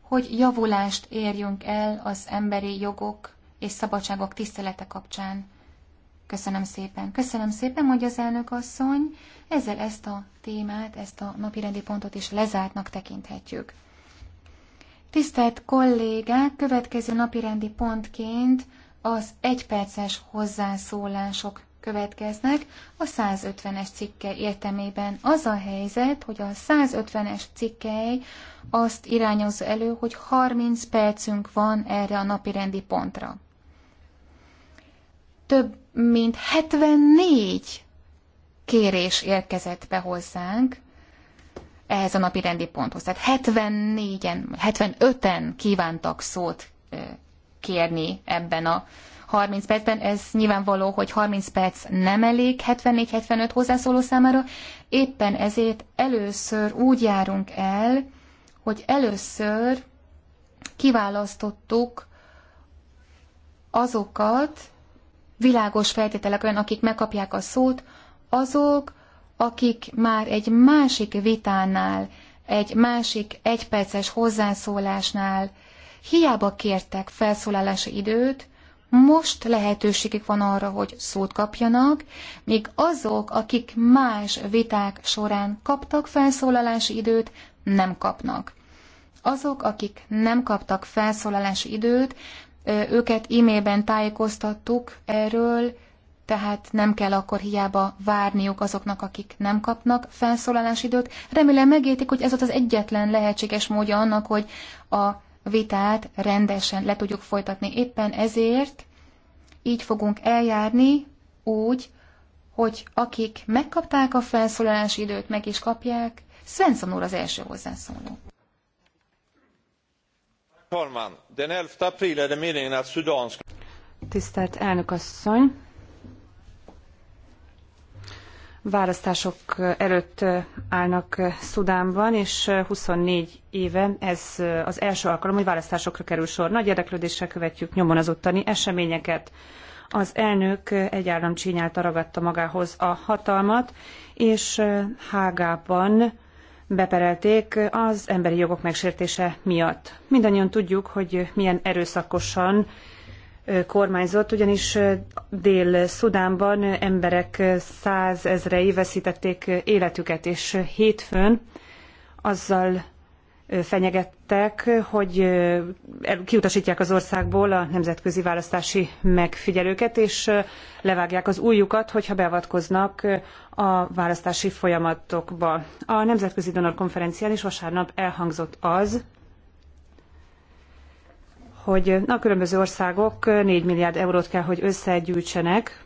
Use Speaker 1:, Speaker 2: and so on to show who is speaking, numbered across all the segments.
Speaker 1: hogy javulást érjünk el az emberi jogok és szabadságok tisztelete kapcsán. Köszönöm szépen. Köszönöm szépen, hogy az elnök asszony. Ezzel ezt a témát, ezt a napirendi pontot is lezártnak tekinthetjük. Tisztelt kollégák, következő napirendi pontként az egyperces hozzászólások következnek. A 150-es cikke értelmében az a helyzet, hogy a 150-es cikkely azt irányozza elő, hogy 30 percünk van erre a napirendi pontra. Több mint 74 kérés érkezett be hozzánk ehhez a napi rendi ponthoz. Tehát 74-en, 75-en kívántak szót kérni ebben a 30 percben, ez nyilvánvaló, hogy 30 perc nem elég 74-75 hozzászóló számára, éppen ezért először úgy járunk el, hogy először kiválasztottuk azokat, világos feltételek olyan, akik megkapják a szót, azok, akik már egy másik vitánál, egy másik egyperces hozzászólásnál hiába kértek felszólalási időt, most lehetőségük van arra, hogy szót kapjanak, míg azok, akik más viták során kaptak felszólalási időt, nem kapnak. Azok, akik nem kaptak felszólalási időt, őket e-mailben tájékoztattuk erről, tehát nem kell akkor hiába várniuk azoknak, akik nem kapnak felszólalási időt. Remélem megértik, hogy ez az egyetlen lehetséges módja annak, hogy a vitát rendesen le tudjuk folytatni. Éppen ezért így fogunk eljárni úgy, hogy akik megkapták a felszólalási időt, meg is kapják. Svensson úr az első hozzászóló.
Speaker 2: Tisztelt elnök asszony! választások előtt állnak Szudánban, és 24 éve ez az első alkalom, hogy választásokra kerül sor. Nagy érdeklődéssel követjük nyomon az ottani eseményeket. Az elnök egy állam csínyálta ragadta magához a hatalmat, és Hágában beperelték az emberi jogok megsértése miatt. Mindannyian tudjuk, hogy milyen erőszakosan kormányzott, ugyanis Dél-Szudánban emberek százezrei veszítették életüket, és hétfőn azzal fenyegettek, hogy kiutasítják az országból a nemzetközi választási megfigyelőket, és levágják az ujjukat, hogyha beavatkoznak a választási folyamatokba. A Nemzetközi Donor Konferencián is vasárnap elhangzott az, hogy na, a különböző országok 4 milliárd eurót kell, hogy összegyűjtsenek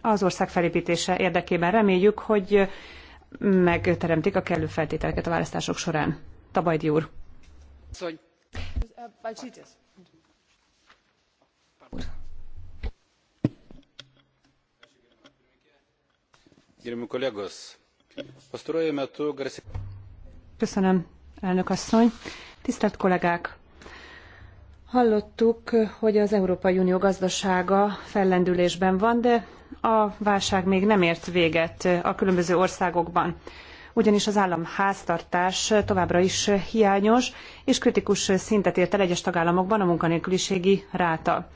Speaker 2: az ország felépítése érdekében. Reméljük, hogy megteremtik a kellő feltételeket a választások során. Tabajdi úr. Köszönöm, elnök asszony. Tisztelt kollégák! Hallottuk, hogy az Európai Unió gazdasága fellendülésben van, de a válság még nem ért véget a különböző országokban. Ugyanis az háztartás továbbra is hiányos, és kritikus szintet ért el egyes tagállamokban a munkanélküliségi ráta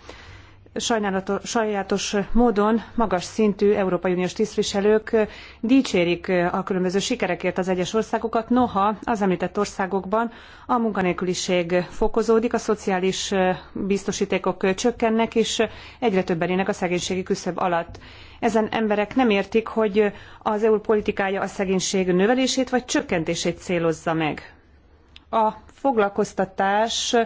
Speaker 2: sajátos módon magas szintű Európai Uniós tisztviselők dicsérik a különböző sikerekért az egyes országokat, noha az említett országokban a munkanélküliség fokozódik, a szociális biztosítékok csökkennek, és egyre többen élnek a szegénységi küszöb alatt. Ezen emberek nem értik, hogy az EU politikája a szegénység növelését vagy csökkentését célozza meg. A foglalkoztatás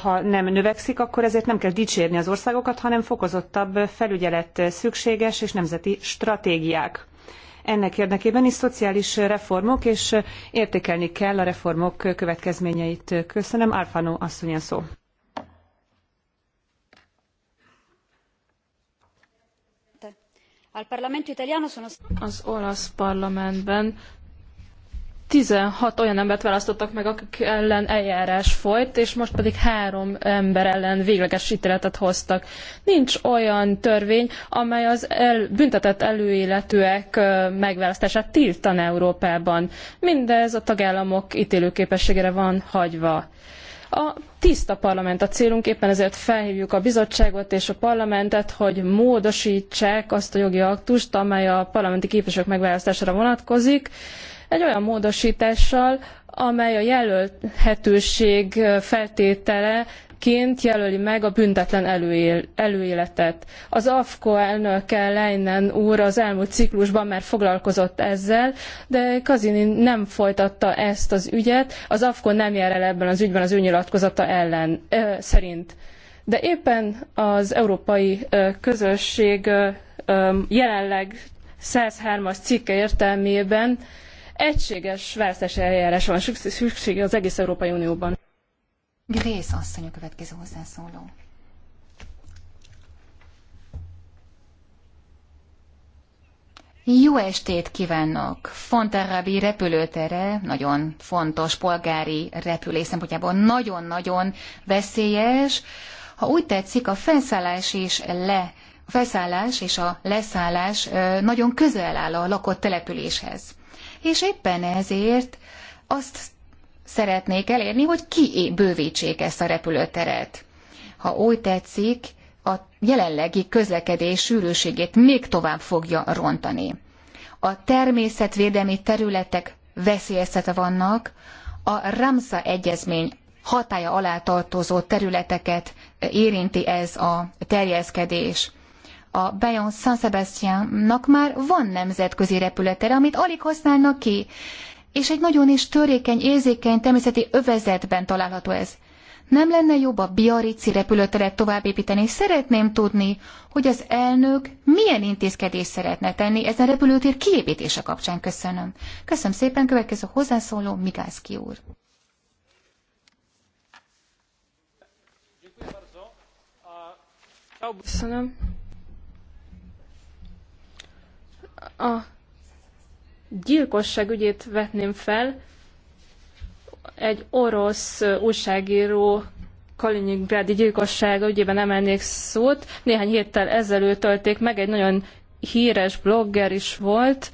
Speaker 2: ha nem növekszik, akkor ezért nem kell dicsérni az országokat, hanem fokozottabb felügyelet szükséges és nemzeti stratégiák. Ennek érdekében is szociális reformok, és értékelni kell a reformok következményeit. Köszönöm, Alfano asszonyan szó.
Speaker 3: Az olasz parlamentben 16 olyan embert választottak meg, akik ellen eljárás folyt, és most pedig három ember ellen végleges ítéletet hoztak. Nincs olyan törvény, amely az el, büntetett előéletűek megválasztását tiltan Európában. Mindez a tagállamok ítélőképességére van hagyva. A tiszta parlament a célunk, éppen ezért felhívjuk a bizottságot és a parlamentet, hogy módosítsák azt a jogi aktust, amely a parlamenti képviselők megválasztására vonatkozik, egy olyan módosítással, amely a jelölhetőség feltétele ként jelöli meg a büntetlen előél, előéletet. Az AFKO elnöke Leinen úr az elmúlt ciklusban már foglalkozott ezzel, de Kazini nem folytatta ezt az ügyet, az AFKO nem jár el ebben az ügyben az ő nyilatkozata ellen, ö, szerint. De éppen az európai ö, közösség ö, jelenleg 103-as cikke értelmében Egységes választási eljárásra van szüksége az egész Európai Unióban.
Speaker 1: Grész asszony a következő hozzászóló. Jó estét kívánok! Fontarabi repülőtere, nagyon fontos polgári repülés szempontjából nagyon-nagyon veszélyes. Ha úgy tetszik, a felszállás és le a felszállás és a leszállás nagyon közel áll a lakott településhez és éppen ezért azt szeretnék elérni, hogy kibővítsék ezt a repülőteret. Ha úgy tetszik, a jelenlegi közlekedés sűrűségét még tovább fogja rontani. A természetvédelmi területek veszélyeztetve vannak, a Ramsa egyezmény hatája alá tartozó területeket érinti ez a terjeszkedés a Bayon San Sebastiannak már van nemzetközi repülőtere, amit alig használnak ki, és egy nagyon is törékeny, érzékeny természeti övezetben található ez. Nem lenne jobb a Biarritzi repülőteret továbbépíteni? Szeretném tudni, hogy az elnök milyen intézkedést szeretne tenni ezen repülőtér kiépítése kapcsán. Köszönöm. Köszönöm szépen, következő hozzászóló Migászki úr.
Speaker 3: Köszönöm a gyilkosság ügyét vetném fel. Egy orosz újságíró Kaliningrádi gyilkossága ügyében emelnék szót. Néhány héttel ezelőtt tölték meg, egy nagyon híres blogger is volt,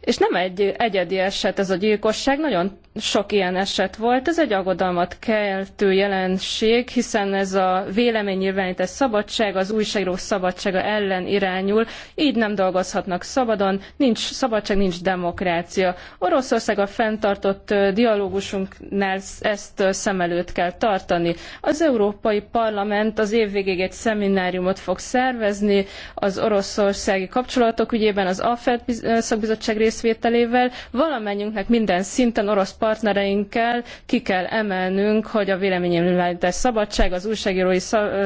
Speaker 3: és nem egy egyedi eset ez a gyilkosság, nagyon sok ilyen eset volt. Ez egy aggodalmat keltő jelenség, hiszen ez a véleménynyilvánítás szabadság az újságró szabadsága ellen irányul, így nem dolgozhatnak szabadon, nincs szabadság, nincs demokrácia. Oroszország a fenntartott dialógusunknál ezt szem előtt kell tartani. Az Európai Parlament az év végéig egy szemináriumot fog szervezni az oroszországi kapcsolatok ügyében az AFED szakbizottság részvételével. Valamennyünknek minden szinten orosz partnereinkkel ki kell emelnünk, hogy a véleménynyilvánítás szabadság, az újságírói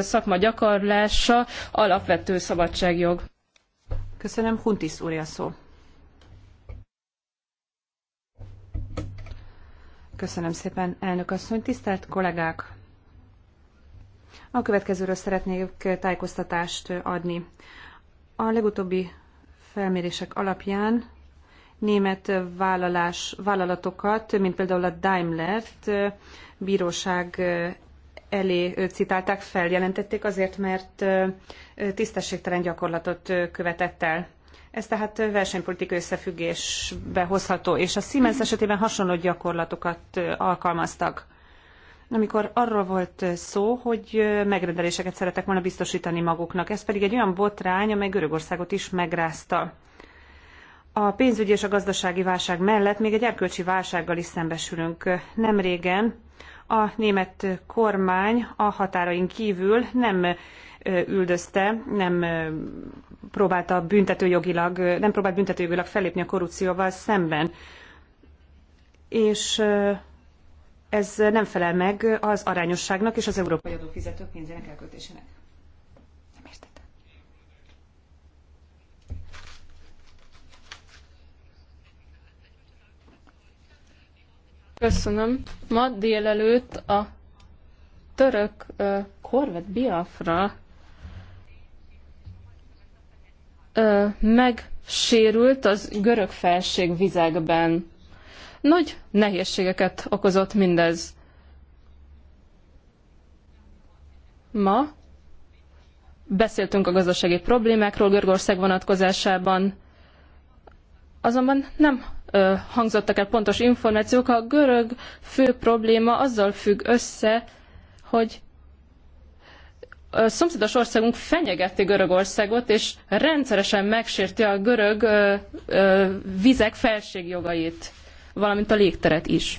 Speaker 3: szakma gyakorlása alapvető szabadságjog. Köszönöm, Huntis úr, szó. Köszönöm
Speaker 2: szépen, elnök asszony, tisztelt kollégák! A következőről szeretnék tájékoztatást adni. A legutóbbi felmérések alapján német vállalás, vállalatokat, mint például a Daimler-t bíróság elé citálták fel, jelentették azért, mert tisztességtelen gyakorlatot követett el. Ez tehát versenypolitikai összefüggésbe hozható, és a Siemens esetében hasonló gyakorlatokat alkalmaztak. Amikor arról volt szó, hogy megrendeléseket szeretek volna biztosítani maguknak, ez pedig egy olyan botrány, amely Görögországot is megrázta a pénzügyi és a gazdasági válság mellett még egy erkölcsi válsággal is szembesülünk. Nem régen a német kormány a határain kívül nem üldözte, nem próbálta büntetőjogilag, nem próbált büntetőjogilag fellépni a korrupcióval szemben. És ez nem felel meg az arányosságnak és az európai adófizetők pénzének elköltésének.
Speaker 3: Köszönöm. Ma délelőtt a török uh, korvet Biafra uh, megsérült az görög felség vizekben. Nagy nehézségeket okozott mindez. Ma beszéltünk a gazdasági problémákról Görögország vonatkozásában, azonban nem hangzottak el pontos információk. A görög fő probléma azzal függ össze, hogy a szomszédos országunk fenyegeti Görögországot, és rendszeresen megsérti a görög ö, ö, vizek felségjogait, valamint a légteret is.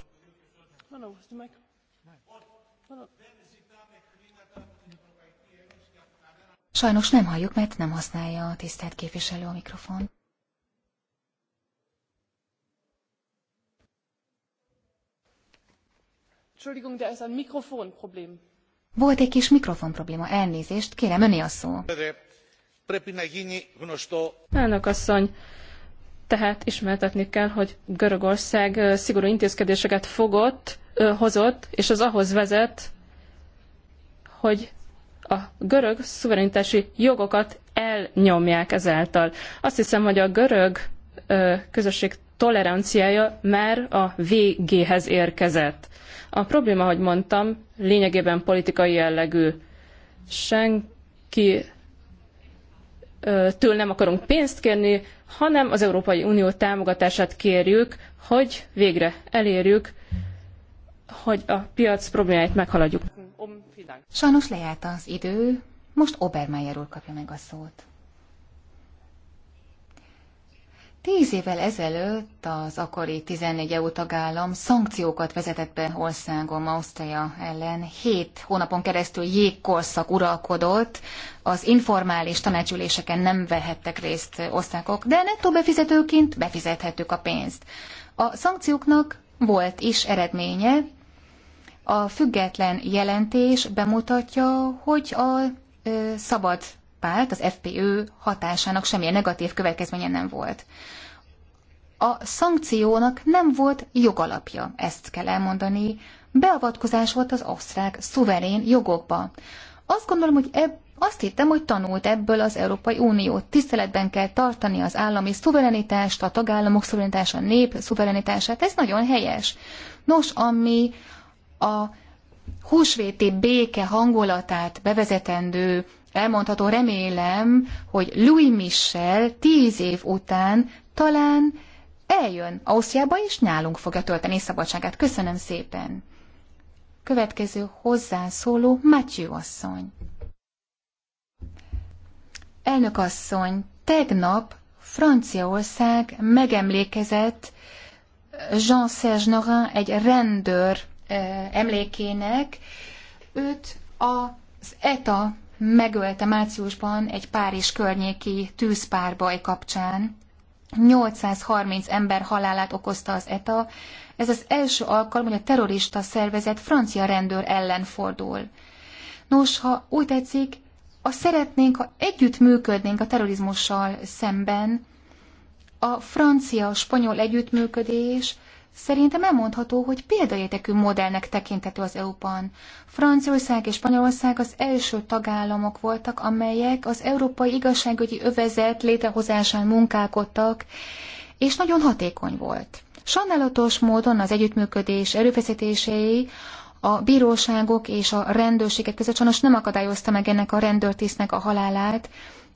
Speaker 1: Sajnos nem halljuk, mert nem használja a tisztelt képviselő a mikrofon.
Speaker 4: Entschuldigung, da ist ein Mikrofonproblem.
Speaker 1: Volt egy kis mikrofon elnézést,
Speaker 3: kérem, öné a szó. Elnök asszony, tehát ismertetni kell, hogy Görögország szigorú intézkedéseket fogott, hozott, és az ahhoz vezet, hogy a görög szuverenitási jogokat elnyomják ezáltal. Azt hiszem, hogy a görög közösség toleranciája már a végéhez érkezett. A probléma, ahogy mondtam, lényegében politikai jellegű. Senki től nem akarunk pénzt kérni, hanem az Európai Unió támogatását kérjük, hogy végre elérjük, hogy a piac problémáit meghaladjuk. Sajnos lejárt az idő,
Speaker 1: most Obermeyer úr kapja meg a szót. Tíz évvel ezelőtt az akkori 14 EU tagállam szankciókat vezetett be országom Ausztria ellen. Hét hónapon keresztül jégkorszak uralkodott, az informális tanácsüléseken nem vehettek részt országok, de nettó befizetőként befizethettük a pénzt. A szankcióknak volt is eredménye, a független jelentés bemutatja, hogy a szabad pált, az FPÖ hatásának semmilyen negatív következménye nem volt. A szankciónak nem volt jogalapja, ezt kell elmondani. Beavatkozás volt az osztrák szuverén jogokba. Azt gondolom, hogy ebb, azt hittem, hogy tanult ebből az Európai Unió. Tiszteletben kell tartani az állami szuverenitást, a tagállamok szuverenitását, a nép szuverenitását. Ez nagyon helyes. Nos, ami a húsvéti béke hangulatát bevezetendő elmondható, remélem, hogy Louis Michel tíz év után talán eljön Ausztriába, és nálunk fogja tölteni szabadságát. Köszönöm szépen! Következő hozzászóló Matthew asszony. Elnök asszony, tegnap Franciaország megemlékezett Jean-Serge Norin egy rendőr eh, emlékének. Őt az ETA megölte márciusban egy Párizs környéki tűzpárbaj kapcsán. 830 ember halálát okozta az ETA. Ez az első alkalom, hogy a terrorista szervezet francia rendőr ellen fordul. Nos, ha úgy tetszik, a szeretnénk, ha együtt működnénk a terrorizmussal szemben, a francia-spanyol együttműködés Szerintem elmondható, hogy példaértékű modellnek tekintető az EU-ban. Franciaország és Spanyolország az első tagállamok voltak, amelyek az Európai Igazságügyi Övezet létrehozásán munkálkodtak, és nagyon hatékony volt. Sajnálatos módon az együttműködés erőfeszítései a bíróságok és a rendőrségek között sajnos nem akadályozta meg ennek a rendőrtisztnek a halálát,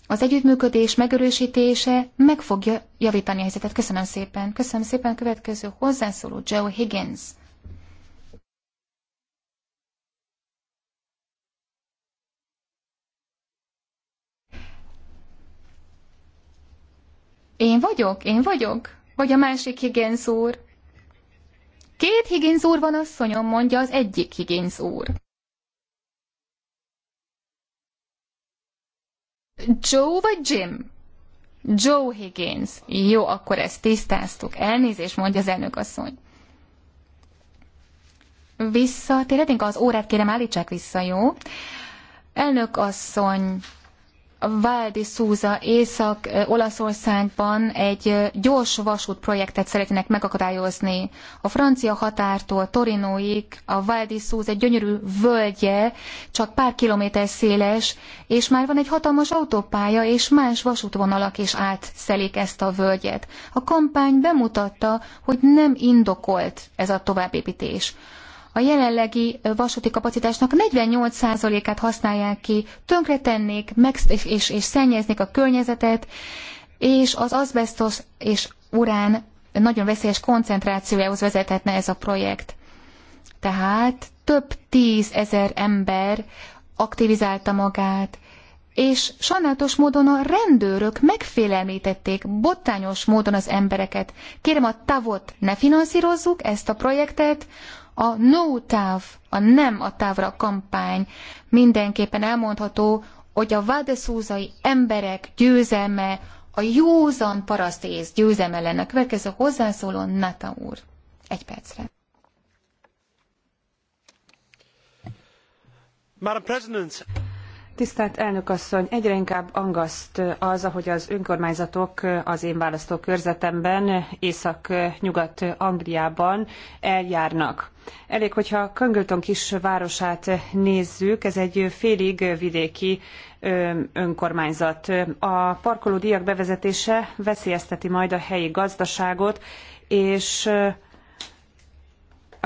Speaker 1: az együttműködés megerősítése meg fogja javítani a helyzetet. Köszönöm szépen. Köszönöm szépen a következő hozzászóló Joe Higgins. Én vagyok, én vagyok. Vagy a másik Higgins úr. Két Higgins úr van asszonyom, mondja az egyik Higgins úr. Joe vagy Jim? Joe Higgins. Jó, akkor ezt tisztáztuk. Elnézést mondja az elnök asszony. Visszatérhetünk az órát, kérem állítsák vissza, jó? Elnök asszony, Valdi Szúza Észak-Olaszországban egy gyors vasútprojektet szeretnének megakadályozni. A francia határtól Torinóig a Valdi Szúza egy gyönyörű völgye, csak pár kilométer széles, és már van egy hatalmas autópálya, és más vasútvonalak is átszelik ezt a völgyet. A kampány bemutatta, hogy nem indokolt ez a továbbépítés a jelenlegi vasúti kapacitásnak 48%-át használják ki, tönkretennék meg, és, és, és szennyeznék a környezetet, és az azbestos és urán nagyon veszélyes koncentrációjához vezethetne ez a projekt. Tehát több tízezer ember aktivizálta magát, és sajnálatos módon a rendőrök megfélemlítették botányos módon az embereket. Kérem a tavot ne finanszírozzuk ezt a projektet, a no táv, a nem a távra kampány mindenképpen elmondható, hogy a vádeszúzai emberek győzelme, a józan parasztész győzelme lenne. A következő hozzászóló Nata úr. Egy percre.
Speaker 4: Madam President.
Speaker 1: Tisztelt
Speaker 2: elnök asszony, egyre inkább angaszt az, ahogy az önkormányzatok az én választókörzetemben, Észak-Nyugat-Angliában eljárnak. Elég, hogyha Köngölton kis városát nézzük, ez egy félig vidéki önkormányzat. A parkolódíjak bevezetése veszélyezteti majd a helyi gazdaságot, és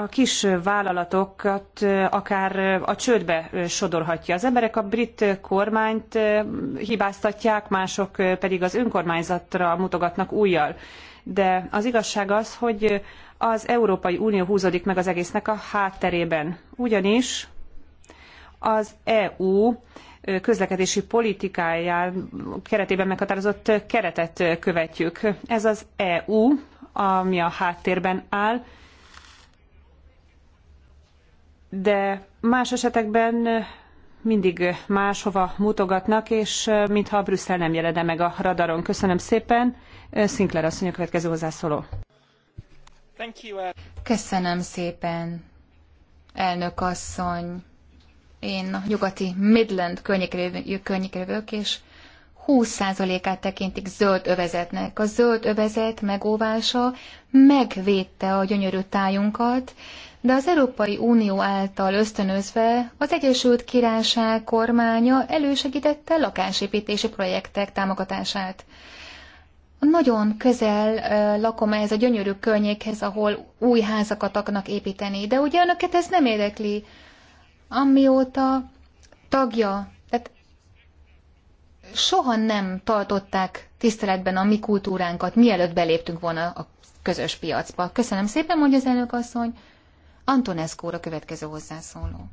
Speaker 2: a kis vállalatokat akár a csődbe sodorhatja. Az emberek a brit kormányt hibáztatják, mások pedig az önkormányzatra mutogatnak újjal. De az igazság az, hogy az Európai Unió húzódik meg az egésznek a hátterében. Ugyanis az EU közlekedési politikáján keretében meghatározott keretet követjük. Ez az EU, ami a háttérben áll, de más esetekben mindig máshova mutogatnak, és mintha Brüsszel nem jelene meg a radaron. Köszönöm szépen. Sinclair asszony
Speaker 1: a következő hozzászóló. Uh, Köszönöm szépen, elnök asszony. Én a nyugati Midland környékre és 20%-át tekintik zöld övezetnek. A zöld övezet megóvása megvédte a gyönyörű tájunkat, de az Európai Unió által ösztönözve az Egyesült Királyság kormánya elősegítette lakásépítési projektek támogatását. Nagyon közel lakom ehhez a gyönyörű környékhez, ahol új házakat akarnak építeni, de ugye önöket ez nem érdekli, amióta tagja, tehát soha nem tartották tiszteletben a mi kultúránkat, mielőtt beléptünk volna a közös piacba. Köszönöm szépen, mondja az elnök asszony. Antonescu a következő hozzászóló.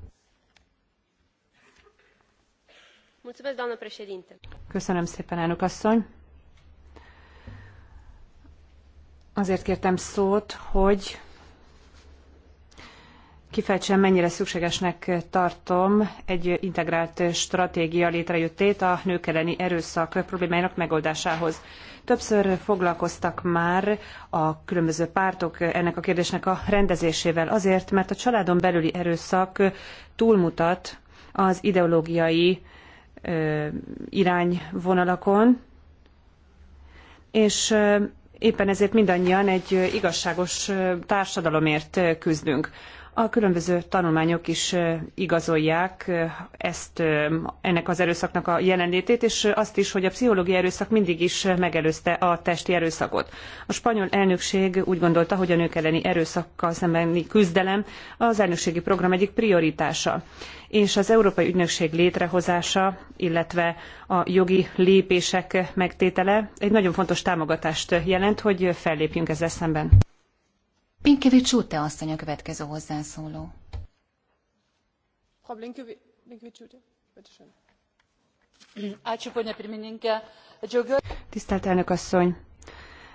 Speaker 2: Köszönöm szépen, elnök asszony. Azért kértem szót, hogy kifejtsem, mennyire szükségesnek tartom egy integrált stratégia létrejöttét a nők elleni erőszak problémáinak megoldásához. Többször foglalkoztak már a különböző pártok ennek a kérdésnek a rendezésével azért, mert a családon belüli erőszak túlmutat az ideológiai irányvonalakon, és éppen ezért mindannyian egy igazságos társadalomért küzdünk. A különböző tanulmányok is igazolják ezt, ennek az erőszaknak a jelenlétét, és azt is, hogy a pszichológiai erőszak mindig is megelőzte a testi erőszakot. A spanyol elnökség úgy gondolta, hogy a nők elleni erőszakkal szembeni küzdelem az elnökségi program egyik prioritása és az Európai Ügynökség létrehozása, illetve a jogi lépések megtétele egy nagyon fontos támogatást jelent,
Speaker 1: hogy fellépjünk ezzel szemben. Pinkevics Ute asszony a következő hozzászóló.
Speaker 2: Tisztelt elnök asszony!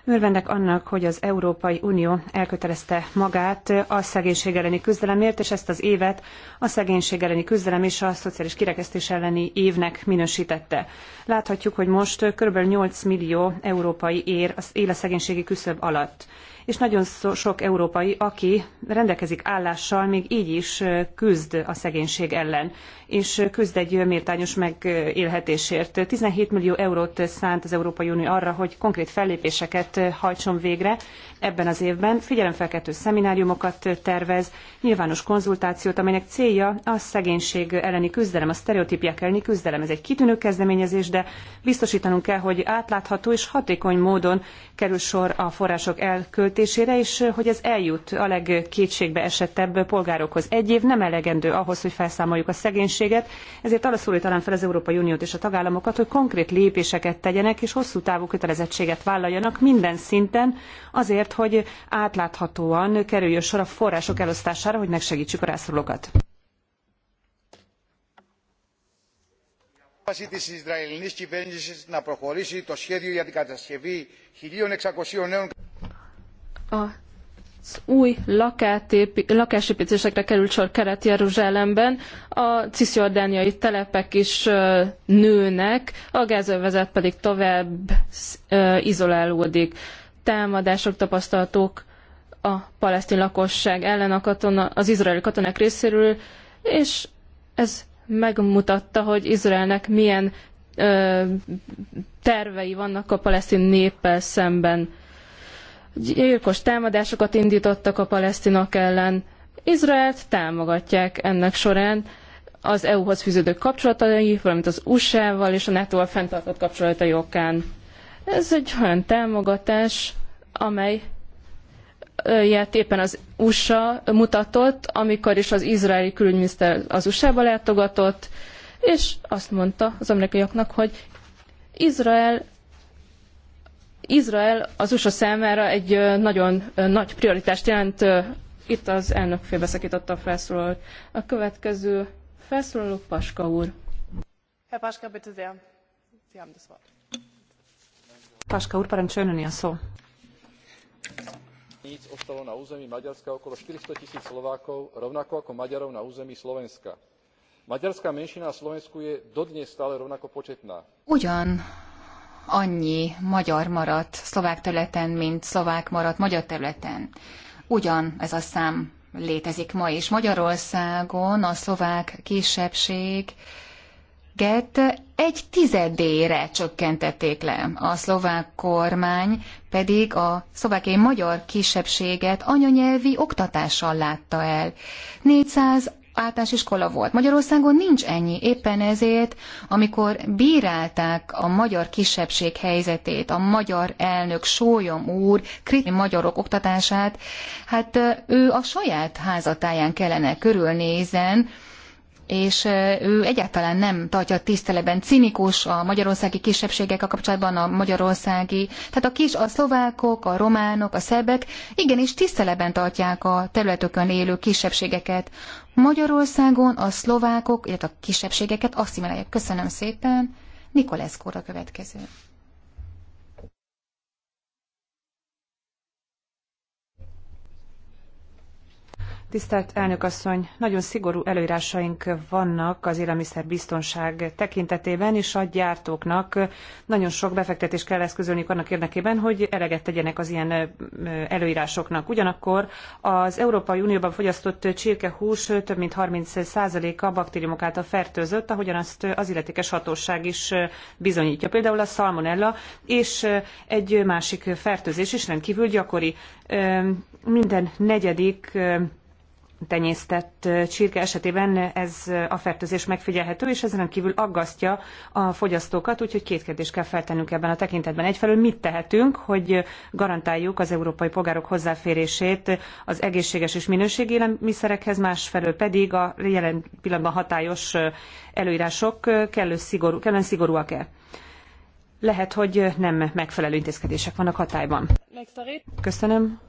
Speaker 2: Örvendek annak, hogy az Európai Unió elkötelezte magát a szegénység elleni küzdelemért, és ezt az évet a szegénység elleni küzdelem és a szociális kirekesztés elleni évnek minősítette. Láthatjuk, hogy most kb. 8 millió európai ér, él a szegénységi küszöb alatt és nagyon sok európai, aki rendelkezik állással, még így is küzd a szegénység ellen, és küzd egy méltányos megélhetésért. 17 millió eurót szánt az Európai Unió arra, hogy konkrét fellépéseket hajtson végre ebben az évben. Figyelemfelkeltő szemináriumokat tervez, nyilvános konzultációt, amelynek célja a szegénység elleni küzdelem, a sztereotípiák elleni küzdelem. Ez egy kitűnő kezdeményezés, de biztosítanunk kell, hogy átlátható és hatékony módon kerül sor a források elköltésére, elköltésére, és hogy ez eljut a legkétségbe esettebb polgárokhoz. Egy év nem elegendő ahhoz, hogy felszámoljuk a szegénységet, ezért arra szólítanám fel az Európai Uniót és a tagállamokat, hogy konkrét lépéseket tegyenek, és hosszú távú kötelezettséget vállaljanak minden szinten, azért, hogy átláthatóan kerüljön sor a források elosztására, hogy megsegítsük a rászorulókat.
Speaker 5: απόφαση
Speaker 4: της Ισραηλινής κυβέρνησης να προχωρήσει το σχέδιο για την κατασκευή 1.600 νέων
Speaker 3: az új lakásépítésekre került sor Kelet-Jeruzsálemben, a cisziordániai telepek is nőnek, a gázövezet pedig tovább izolálódik. Támadások tapasztalatok a palesztin lakosság ellen a katona, az izraeli katonák részéről, és ez megmutatta, hogy Izraelnek milyen ö, tervei vannak a palesztin néppel szemben gyilkos támadásokat indítottak a palesztinok ellen. Izraelt támogatják ennek során az EU-hoz fűződő kapcsolatai, valamint az USA-val és a NATO-val fenntartott kapcsolatai okán. Ez egy olyan támogatás, amely ját éppen az USA mutatott, amikor is az izraeli külügyminiszter az USA-ba látogatott, és azt mondta az amerikaiaknak, hogy Izrael Izrael az USA számára egy nagyon nagy prioritást jelent. Itt az elnök félbeszakította a felszólalót. A következő felszólaló Paska úr.
Speaker 4: Herr Paska, bitte sehr. Sie haben das Wort.
Speaker 3: Paska úr, parancsoljon a szó.
Speaker 4: Nic ostalo na území Maďarska okolo 400 tisíc Slovákov, rovnako ako Maďarov na území Slovenska. Maďarská menšina na Slovensku je dodnes stále rovnako početná.
Speaker 1: Ugyan annyi magyar maradt szlovák területen, mint szlovák maradt magyar területen. Ugyan ez a szám létezik ma is. Magyarországon a szlovák kisebbség egy tizedére csökkentették le. A szlovák kormány pedig a szlovákiai magyar kisebbséget anyanyelvi oktatással látta el. 400 általános iskola volt. Magyarországon nincs ennyi. Éppen ezért, amikor bírálták a magyar kisebbség helyzetét, a magyar elnök Sólyom úr kritikai magyarok oktatását, hát ő a saját házatáján kellene körülnézen, és ő egyáltalán nem tartja tiszteleben cinikus a magyarországi kisebbségekkel kapcsolatban, a magyarországi, tehát a kis, a szlovákok, a románok, a szerbek igenis tiszteleben tartják a területökön élő kisebbségeket. Magyarországon a szlovákok, illetve a kisebbségeket asszimilálják. Köszönöm szépen. Nikolesz következő.
Speaker 2: Tisztelt elnök asszony, nagyon szigorú előírásaink vannak az élelmiszerbiztonság tekintetében, és a gyártóknak nagyon sok befektetést kell eszközölniük annak érdekében, hogy eleget tegyenek az ilyen előírásoknak. Ugyanakkor az Európai Unióban fogyasztott csirkehús több mint 30%-a baktériumok által fertőzött, ahogyan azt az illetékes hatóság is bizonyítja. Például a salmonella és egy másik fertőzés is rendkívül gyakori. Minden negyedik tenyésztett csirke esetében ez a fertőzés megfigyelhető, és ezen kívül aggasztja a fogyasztókat, úgyhogy két kérdést kell feltennünk ebben a tekintetben. Egyfelől mit tehetünk, hogy garantáljuk az európai polgárok hozzáférését az egészséges és minőségi élelmiszerekhez, másfelől pedig a jelen pillanatban hatályos előírások kellő szigorú, kellően szigorúak-e? Lehet, hogy nem megfelelő intézkedések vannak hatályban. Köszönöm.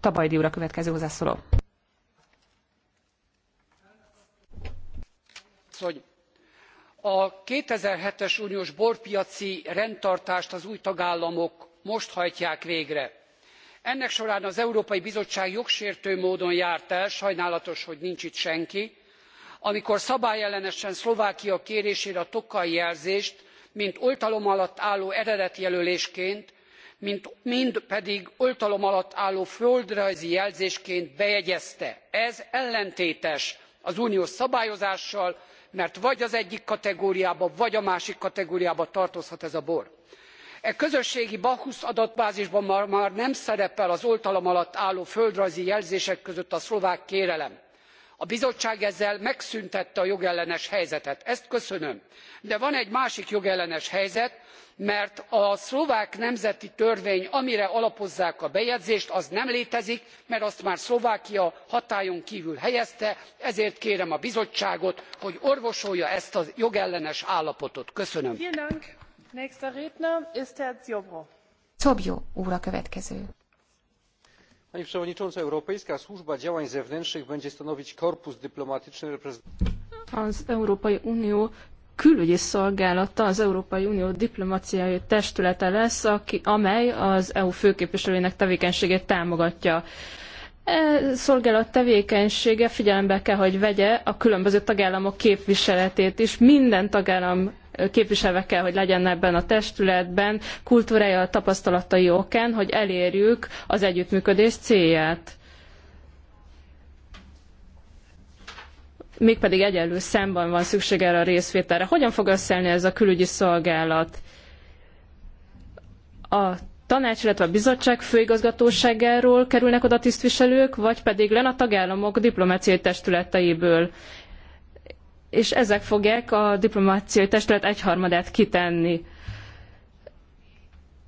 Speaker 2: Tabajdi úr a következő hozzászóló.
Speaker 4: asszony! a two thousand and seven es uniós borpiaci rendtartást az új tagállamok most hajtják végre. ennek során az európai bizottság jogsértő módon járt el sajnálatos hogy nincs itt senki amikor szabályellenesen szlovákia kérésére a tokaji jelzést mind oltalom alatt álló eredetjelölésként mind pedig oltalom alatt álló földrajzi jelzésként bejegyezte. ez ellentétes az uniós szabályozással mert vagy az egyik kategóriába vagy a másik kategóriába tartozhat ez a bor. e közösségi bauhusz adatbázisban ma már nem szerepel az oltalom alatt álló földrajzi jelzések között a szlovák kérelem a bizottság ezzel megszüntette a jogellenes helyzetet ezt köszönöm de van egy másik jogellenes helyzet mert a szlovák nemzeti törvény amire alapozzák a bejegyzést az nem létezik mert azt már szlovákia hatályon kvül helyezte ezért kérem a bizottságot hogy orvosolja ezt a jogellenes állapotot. köszönöm pani przewodnicząca! europejska służba działań zewnętrznych będzie stanowić korpus dyplomatyczny
Speaker 3: az európai unió külügyi szolgálata az európai unió diplomáciai testülete lesz aki, amely az eu főképviselőjének tevékenységét támogatja. E szolgálat tevékenysége figyelembe kell, hogy vegye a különböző tagállamok képviseletét is. Minden tagállam képviselve kell, hogy legyen ebben a testületben, kultúrája, tapasztalatai okán, hogy elérjük az együttműködés célját. Mégpedig egyenlő szemben van szükség erre a részvételre. Hogyan fog összeállni ez a külügyi szolgálat? A tanács, illetve a bizottság főigazgatóságáról kerülnek oda tisztviselők, vagy pedig len a tagállamok diplomáciai testületeiből és ezek fogják a diplomáciai testület egyharmadát kitenni.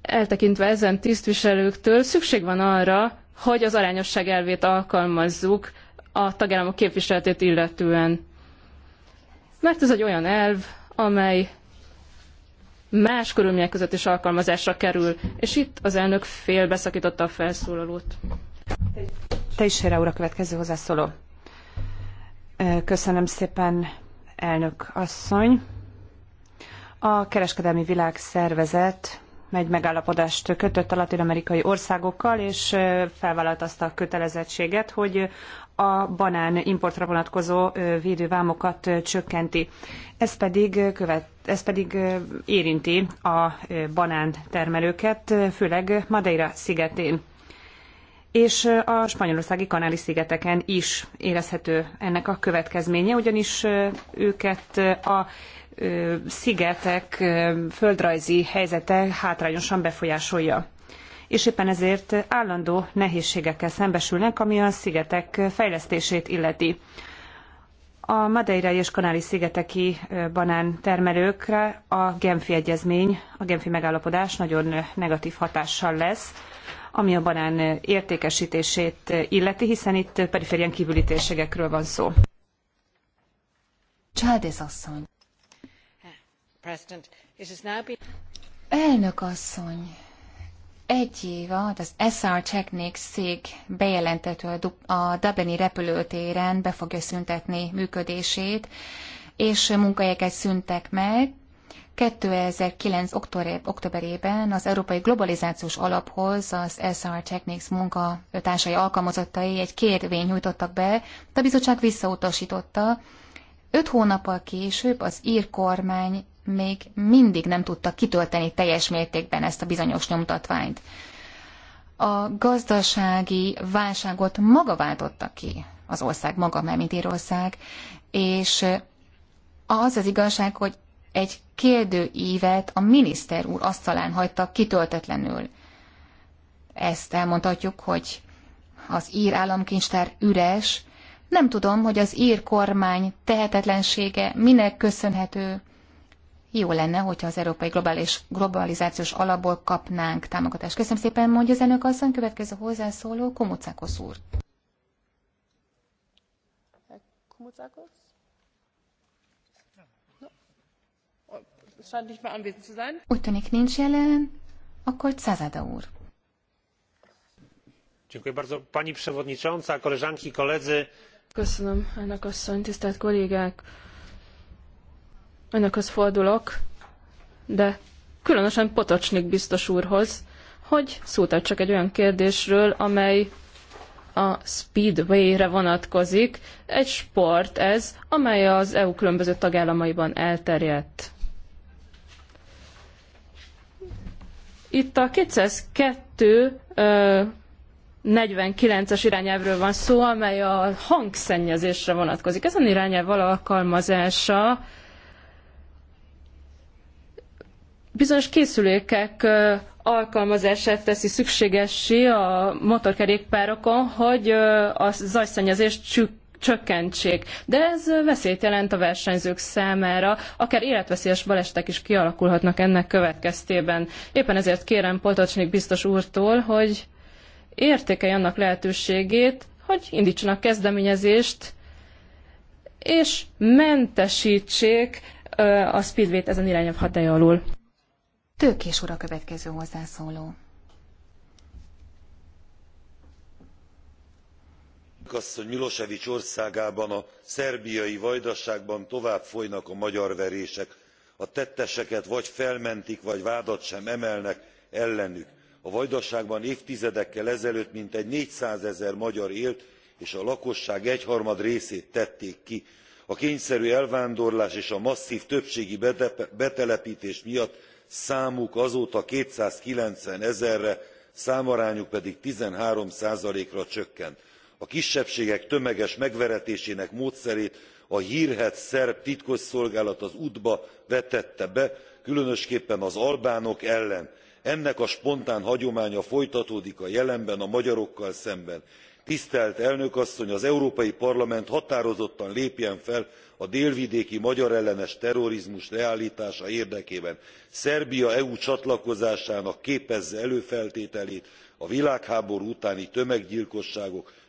Speaker 3: Eltekintve ezen tisztviselőktől szükség van arra, hogy az arányosság elvét alkalmazzuk a tagállamok képviseletét illetően. Mert ez egy olyan elv, amely más körülmények között is alkalmazásra kerül, és itt az elnök beszakította a felszólalót. Te is, Hére úr, következő hozzászóló.
Speaker 2: Köszönöm szépen, elnök asszony. A kereskedelmi világszervezet egy megállapodást kötött a latin-amerikai országokkal, és felvállalt azt a kötelezettséget, hogy a banán importra vonatkozó védővámokat csökkenti. Ez pedig, követ, ez pedig érinti a banán termelőket, főleg Madeira szigetén és a spanyolországi kanáli szigeteken is érezhető ennek a következménye, ugyanis őket a szigetek földrajzi helyzete hátrányosan befolyásolja. És éppen ezért állandó nehézségekkel szembesülnek, ami a szigetek fejlesztését illeti. A Madeirai és Kanári szigeteki banántermelőkre a Genfi egyezmény, a Genfi megállapodás nagyon negatív hatással lesz, ami a banán értékesítését illeti, hiszen itt periférián kívüli térségekről van
Speaker 1: szó. Csáldész asszony. Elnök asszony, egy év alatt az SR Technics cég bejelentett, hogy a Dublini repülőtéren be fogja szüntetni működését, és munkahelyeket szüntek meg, 2009. októberében az Európai Globalizációs Alaphoz az SR Technics munkatársai alkalmazottai egy kérvény nyújtottak be, de a bizottság visszautasította. Öt hónappal később az ír kormány még mindig nem tudta kitölteni teljes mértékben ezt a bizonyos nyomtatványt. A gazdasági válságot maga váltotta ki az ország maga, mert mint Írország, és az az igazság, hogy egy kérdőívet a miniszter úr asztalán hagyta kitöltetlenül. Ezt elmondhatjuk, hogy az ír államkincstár üres, nem tudom, hogy az ír kormány tehetetlensége minek köszönhető. Jó lenne, hogyha az európai globális, globalizációs alapból kapnánk támogatást. Köszönöm szépen, mondja az elnök asszony, következő hozzászóló Komucákos úr.
Speaker 4: Komucákos? scheint nicht mehr anwesend zu sein. Úgy
Speaker 1: tűnik nincs jelen, akkor Cazada úr.
Speaker 5: Dziękuję bardzo. Pani przewodnicząca, koleżanki, koledzy.
Speaker 4: Köszönöm,
Speaker 3: elnök asszony, tisztelt kollégák. Önökhöz fordulok, de különösen Potocsnik biztos úrhoz, hogy szót csak egy olyan kérdésről, amely a Speedway-re vonatkozik. Egy sport ez, amely az EU különböző tagállamaiban elterjedt. Itt a 202 49-es irányelvről van szó, amely a hangszennyezésre vonatkozik. Ezen irányelv alkalmazása bizonyos készülékek alkalmazását teszi szükségessé a motorkerékpárokon, hogy a zajszennyezést csökkentsék. De ez veszélyt jelent a versenyzők számára, akár életveszélyes balesetek is kialakulhatnak ennek következtében. Éppen ezért kérem Potocsnik biztos úrtól, hogy értékelj annak lehetőségét, hogy indítsanak kezdeményezést, és mentesítsék a speedway ezen irányabb hatája alul. Tőkés ura következő hozzászóló.
Speaker 5: asszony milosevic országában a szerbiai vajdaságban tovább folynak a magyarverések a tetteseket vagy felmentik vagy vádat sem emelnek ellenük. a vajdaságban évtizedekkel ezelőtt mintegy négyszázezer magyar élt és a lakosság egyharmad részét tették ki. a kényszerű elvándorlás és a masszv többségi beteleptés miatt számuk azóta kétszázkilencvenezerre számarányuk pedig thirteen ra csökkent a kisebbségek tömeges megveretésének módszerét a hrhedt szerb titkosszolgálat az udba vetette be különösképpen az albánok ellen. ennek a spontán hagyománya folytatódik a jelenben a magyarokkal szemben. tisztelt elnök asszony az európai parlament határozottan lépjen fel a délvidéki magyarellenes terrorizmus leálltása érdekében. szerbia eu csatlakozásának képezze előfeltételét a világháború utáni tömeggyilkosságok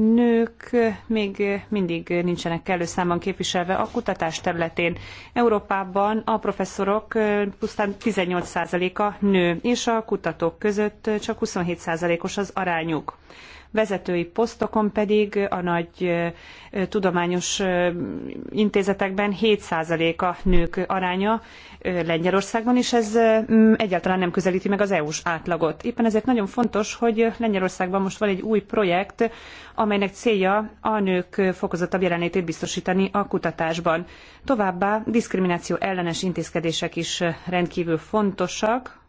Speaker 2: nők még mindig nincsenek számban képviselve a kutatás területén. Európában a professzorok pusztán 18%-a nő, és a kutatók között csak 27%-os az arányuk vezetői posztokon pedig a nagy tudományos intézetekben 7% a nők aránya Lengyelországban, és ez egyáltalán nem közelíti meg az EU-s átlagot. Éppen ezért nagyon fontos, hogy Lengyelországban most van egy új projekt, amelynek célja a nők fokozottabb jelenlétét biztosítani a kutatásban. Továbbá diszkrimináció ellenes intézkedések is rendkívül fontosak,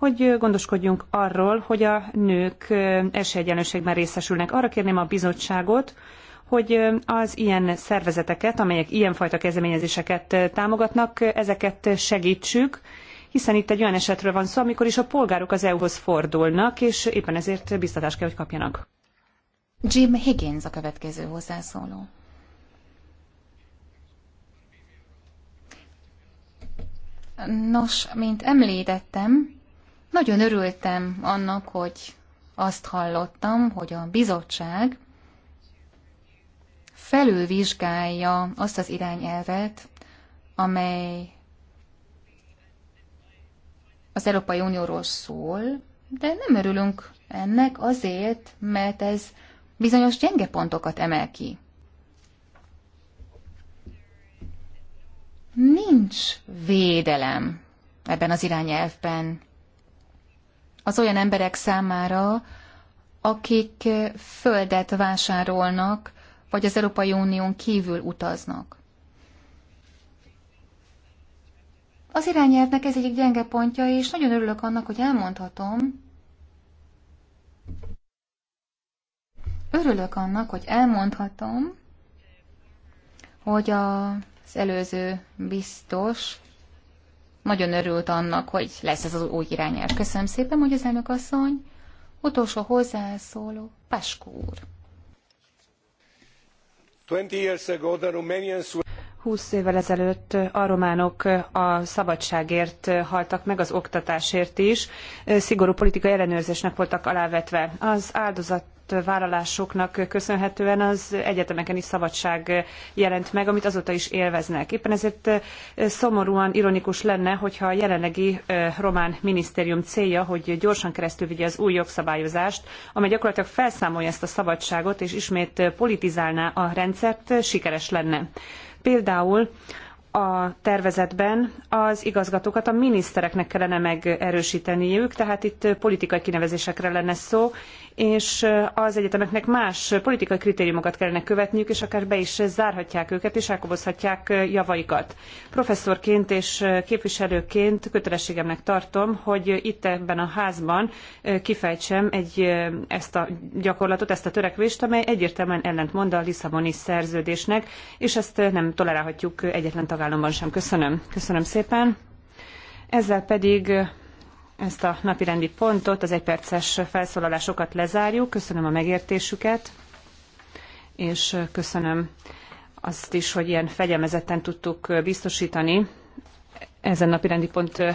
Speaker 2: hogy gondoskodjunk arról, hogy a nők esélyegyenlőségben részesülnek. Arra kérném a bizottságot, hogy az ilyen szervezeteket, amelyek ilyenfajta kezdeményezéseket támogatnak, ezeket segítsük, hiszen itt egy olyan esetről van szó, amikor is a polgárok az EU-hoz fordulnak, és éppen ezért biztatást kell, hogy kapjanak.
Speaker 1: Jim Higgins a következő hozzászóló. Nos, mint említettem, nagyon örültem annak, hogy azt hallottam, hogy a bizottság felülvizsgálja azt az irányelvet, amely az Európai Unióról szól, de nem örülünk ennek azért, mert ez bizonyos gyenge pontokat emel ki. Nincs védelem ebben az irányelvben az olyan emberek számára, akik földet vásárolnak, vagy az Európai Unión kívül utaznak. Az irányelvnek ez egyik gyenge pontja, és nagyon örülök annak, hogy elmondhatom. Örülök annak, hogy elmondhatom, hogy az előző biztos nagyon örült annak, hogy lesz ez az új irányás. Köszönöm szépen, hogy az elnök asszony. Utolsó hozzászóló, Paskó úr.
Speaker 2: 20 évvel ezelőtt a románok a szabadságért haltak meg, az oktatásért is. Szigorú politikai ellenőrzésnek voltak alávetve. Az áldozat vállalásoknak köszönhetően az egyetemeken is szabadság jelent meg, amit azóta is élveznek. Éppen ezért szomorúan ironikus lenne, hogyha a jelenlegi román minisztérium célja, hogy gyorsan keresztül vigye az új jogszabályozást, amely gyakorlatilag felszámolja ezt a szabadságot és ismét politizálná a rendszert, sikeres lenne. Például a tervezetben az igazgatókat a minisztereknek kellene megerősíteniük, tehát itt politikai kinevezésekre lenne szó, és az egyetemeknek más politikai kritériumokat kellene követniük, és akár be is zárhatják őket, és elkobozhatják javaikat. Professzorként és képviselőként kötelességemnek tartom, hogy itt ebben a házban kifejtsem egy, ezt a gyakorlatot, ezt a törekvést, amely egyértelműen ellentmond a Lisszaboni szerződésnek, és ezt nem tolerálhatjuk egyetlen tagállamban sem. Köszönöm. Köszönöm szépen. Ezzel pedig ezt a napirendi pontot, az egyperces felszólalásokat lezárjuk. Köszönöm a megértésüket, és köszönöm azt is, hogy ilyen fegyelmezetten tudtuk biztosítani ezen napirendi pont